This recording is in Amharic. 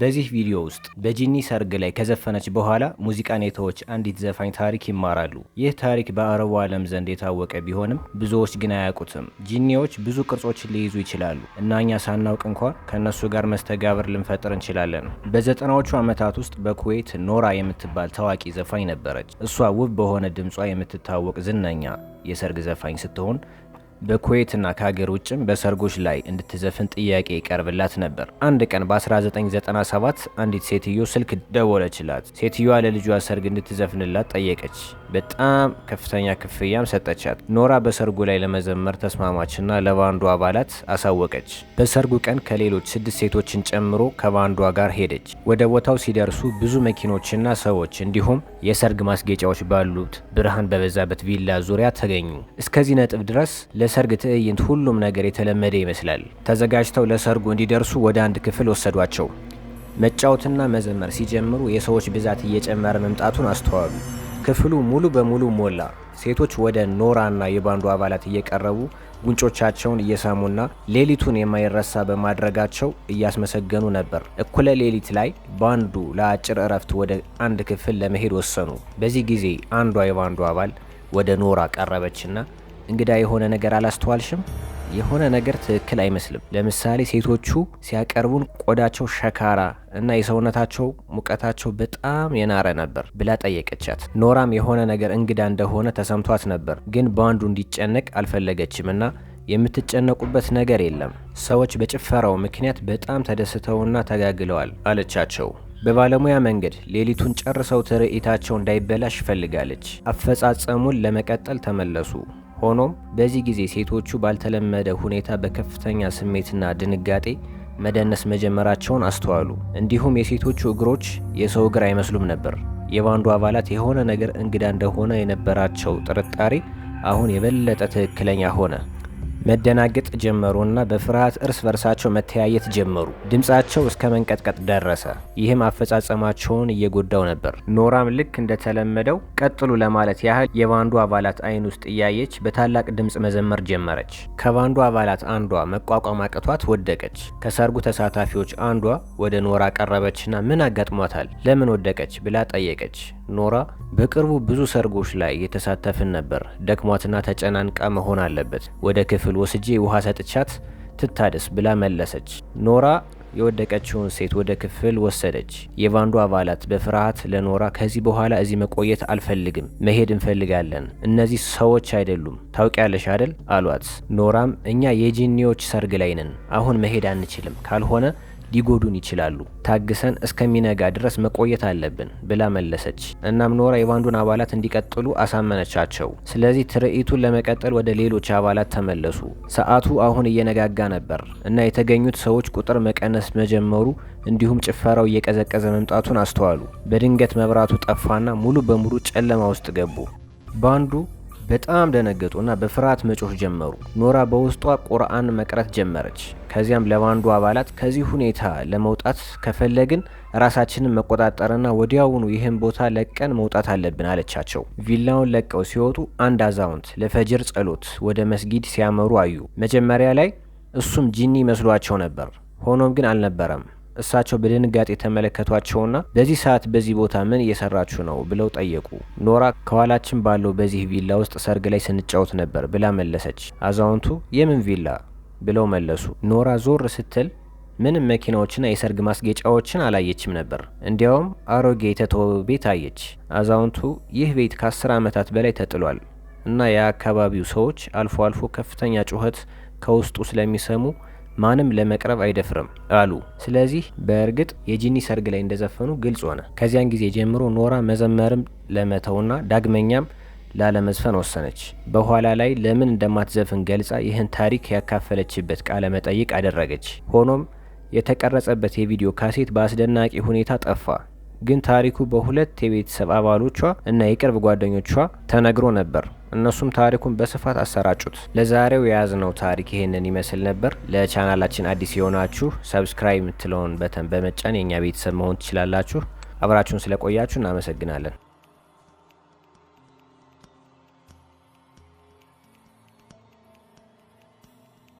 በዚህ ቪዲዮ ውስጥ በጂኒ ሰርግ ላይ ከዘፈነች በኋላ ሙዚቃ ኔታዎች አንዲት ዘፋኝ ታሪክ ይማራሉ። ይህ ታሪክ በአረቡ ዓለም ዘንድ የታወቀ ቢሆንም ብዙዎች ግን አያውቁትም። ጂኒዎች ብዙ ቅርጾችን ሊይዙ ይችላሉ እና እኛ ሳናውቅ እንኳን ከእነሱ ጋር መስተጋብር ልንፈጥር እንችላለን። በዘጠናዎቹ ዓመታት ውስጥ በኩዌት ኖራ የምትባል ታዋቂ ዘፋኝ ነበረች። እሷ ውብ በሆነ ድምጿ የምትታወቅ ዝነኛ የሰርግ ዘፋኝ ስትሆን በኩዌትና ከሀገር ውጭም በሰርጎች ላይ እንድትዘፍን ጥያቄ ይቀርብላት ነበር። አንድ ቀን በ1997 አንዲት ሴትዮ ስልክ ደወለችላት። ሴትዮዋ ለልጇ ሰርግ እንድትዘፍንላት ጠየቀች። በጣም ከፍተኛ ክፍያም ሰጠቻት። ኖራ በሰርጉ ላይ ለመዘመር ተስማማችና ለባንዱ አባላት አሳወቀች። በሰርጉ ቀን ከሌሎች ስድስት ሴቶችን ጨምሮ ከባንዷ ጋር ሄደች። ወደ ቦታው ሲደርሱ ብዙ መኪኖችና ሰዎች እንዲሁም የሰርግ ማስጌጫዎች ባሉት ብርሃን በበዛበት ቪላ ዙሪያ ተገኙ። እስከዚህ ነጥብ ድረስ ለሰርግ ትዕይንት ሁሉም ነገር የተለመደ ይመስላል። ተዘጋጅተው ለሰርጉ እንዲደርሱ ወደ አንድ ክፍል ወሰዷቸው። መጫወትና መዘመር ሲጀምሩ የሰዎች ብዛት እየጨመረ መምጣቱን አስተዋሉ። ክፍሉ ሙሉ በሙሉ ሞላ። ሴቶች ወደ ኖራና የባንዱ አባላት እየቀረቡ ጉንጮቻቸውን እየሳሙና ሌሊቱን የማይረሳ በማድረጋቸው እያስመሰገኑ ነበር። እኩለ ሌሊት ላይ ባንዱ ለአጭር እረፍት ወደ አንድ ክፍል ለመሄድ ወሰኑ። በዚህ ጊዜ አንዷ የባንዱ አባል ወደ ኖራ ቀረበችና እንግዳ የሆነ ነገር አላስተዋልሽም? የሆነ ነገር ትክክል አይመስልም። ለምሳሌ ሴቶቹ ሲያቀርቡን ቆዳቸው ሸካራ እና የሰውነታቸው ሙቀታቸው በጣም የናረ ነበር ብላ ጠየቀቻት። ኖራም የሆነ ነገር እንግዳ እንደሆነ ተሰምቷት ነበር፣ ግን በአንዱ እንዲጨነቅ አልፈለገችም እና የምትጨነቁበት ነገር የለም፣ ሰዎች በጭፈራው ምክንያት በጣም ተደስተውና ተጋግለዋል አለቻቸው። በባለሙያ መንገድ ሌሊቱን ጨርሰው ትርኢታቸው እንዳይበላሽ ፈልጋለች። አፈጻጸሙን ለመቀጠል ተመለሱ። ሆኖም በዚህ ጊዜ ሴቶቹ ባልተለመደ ሁኔታ በከፍተኛ ስሜትና ድንጋጤ መደነስ መጀመራቸውን አስተዋሉ። እንዲሁም የሴቶቹ እግሮች የሰው እግር አይመስሉም ነበር። የባንዱ አባላት የሆነ ነገር እንግዳ እንደሆነ የነበራቸው ጥርጣሬ አሁን የበለጠ ትክክለኛ ሆነ። መደናገጥ ጀመሩና በፍርሃት እርስ በርሳቸው መተያየት ጀመሩ። ድምፃቸው እስከ መንቀጥቀጥ ደረሰ። ይህም አፈጻጸማቸውን እየጎዳው ነበር። ኖራም ልክ እንደተለመደው ቀጥሉ ለማለት ያህል የባንዱ አባላት አይን ውስጥ እያየች በታላቅ ድምፅ መዘመር ጀመረች። ከባንዱ አባላት አንዷ መቋቋም አቅቷት ወደቀች። ከሰርጉ ተሳታፊዎች አንዷ ወደ ኖራ ቀረበችና ምን አጋጥሟታል፣ ለምን ወደቀች ብላ ጠየቀች። ኖራ በቅርቡ ብዙ ሰርጎች ላይ የተሳተፍን ነበር፣ ደክሟትና ተጨናንቃ መሆን አለበት ወደ ክፍል ክፍል ወስጄ ውሃ ሰጥቻት ትታደስ ብላ መለሰች። ኖራ የወደቀችውን ሴት ወደ ክፍል ወሰደች። የቫንዱ አባላት በፍርሃት ለኖራ ከዚህ በኋላ እዚህ መቆየት አልፈልግም፣ መሄድ እንፈልጋለን። እነዚህ ሰዎች አይደሉም፣ ታውቂያለሽ አደል አሏት። ኖራም እኛ የጂኒዎች ሰርግ ላይ ነን፣ አሁን መሄድ አንችልም፣ ካልሆነ ሊጎዱን ይችላሉ፣ ታግሰን እስከሚነጋ ድረስ መቆየት አለብን ብላ መለሰች። እናም ኖራ የባንዱን አባላት እንዲቀጥሉ አሳመነቻቸው። ስለዚህ ትርኢቱን ለመቀጠል ወደ ሌሎች አባላት ተመለሱ። ሰዓቱ አሁን እየነጋጋ ነበር እና የተገኙት ሰዎች ቁጥር መቀነስ መጀመሩ እንዲሁም ጭፈራው እየቀዘቀዘ መምጣቱን አስተዋሉ። በድንገት መብራቱ ጠፋና ሙሉ በሙሉ ጨለማ ውስጥ ገቡ። ባንዱ በጣም ደነገጡና በፍርሃት መጮህ ጀመሩ። ኖራ በውስጧ ቁርአን መቅረት ጀመረች። ከዚያም ለባንዱ አባላት ከዚህ ሁኔታ ለመውጣት ከፈለግን ራሳችንን መቆጣጠርና ወዲያውኑ ይህን ቦታ ለቀን መውጣት አለብን አለቻቸው። ቪላውን ለቀው ሲወጡ አንድ አዛውንት ለፈጅር ጸሎት ወደ መስጊድ ሲያመሩ አዩ። መጀመሪያ ላይ እሱም ጂኒ መስሏቸው ነበር። ሆኖም ግን አልነበረም። እሳቸው በድንጋጤ ተመለከቷቸውና በዚህ ሰዓት በዚህ ቦታ ምን እየሰራችሁ ነው ብለው ጠየቁ። ኖራ ከኋላችን ባለው በዚህ ቪላ ውስጥ ሰርግ ላይ ስንጫወት ነበር ብላ መለሰች። አዛውንቱ የምን ቪላ ብለው መለሱ። ኖራ ዞር ስትል ምንም መኪናዎችና የሰርግ ማስጌጫዎችን አላየችም ነበር። እንዲያውም አሮጌ የተተወ ቤት አየች። አዛውንቱ ይህ ቤት ከአስር ዓመታት በላይ ተጥሏል እና የአካባቢው ሰዎች አልፎ አልፎ ከፍተኛ ጩኸት ከውስጡ ስለሚሰሙ ማንም ለመቅረብ አይደፍርም አሉ። ስለዚህ በእርግጥ የጂኒ ሰርግ ላይ እንደዘፈኑ ግልጽ ሆነ። ከዚያን ጊዜ ጀምሮ ኖራ መዘመርም ለመተውና ዳግመኛም ላለመዝፈን ወሰነች። በኋላ ላይ ለምን እንደማትዘፍን ገልጻ ይህን ታሪክ ያካፈለችበት ቃለ መጠይቅ አደረገች። ሆኖም የተቀረጸበት የቪዲዮ ካሴት በአስደናቂ ሁኔታ ጠፋ። ግን ታሪኩ በሁለት የቤተሰብ አባሎቿ እና የቅርብ ጓደኞቿ ተነግሮ ነበር። እነሱም ታሪኩን በስፋት አሰራጩት። ለዛሬው የያዝነው ታሪክ ይሄንን ይመስል ነበር። ለቻናላችን አዲስ የሆናችሁ ሰብስክራይብ የምትለውን በተን በመጫን የእኛ ቤተሰብ መሆን ትችላላችሁ። አብራችሁን ስለቆያችሁ እናመሰግናለን።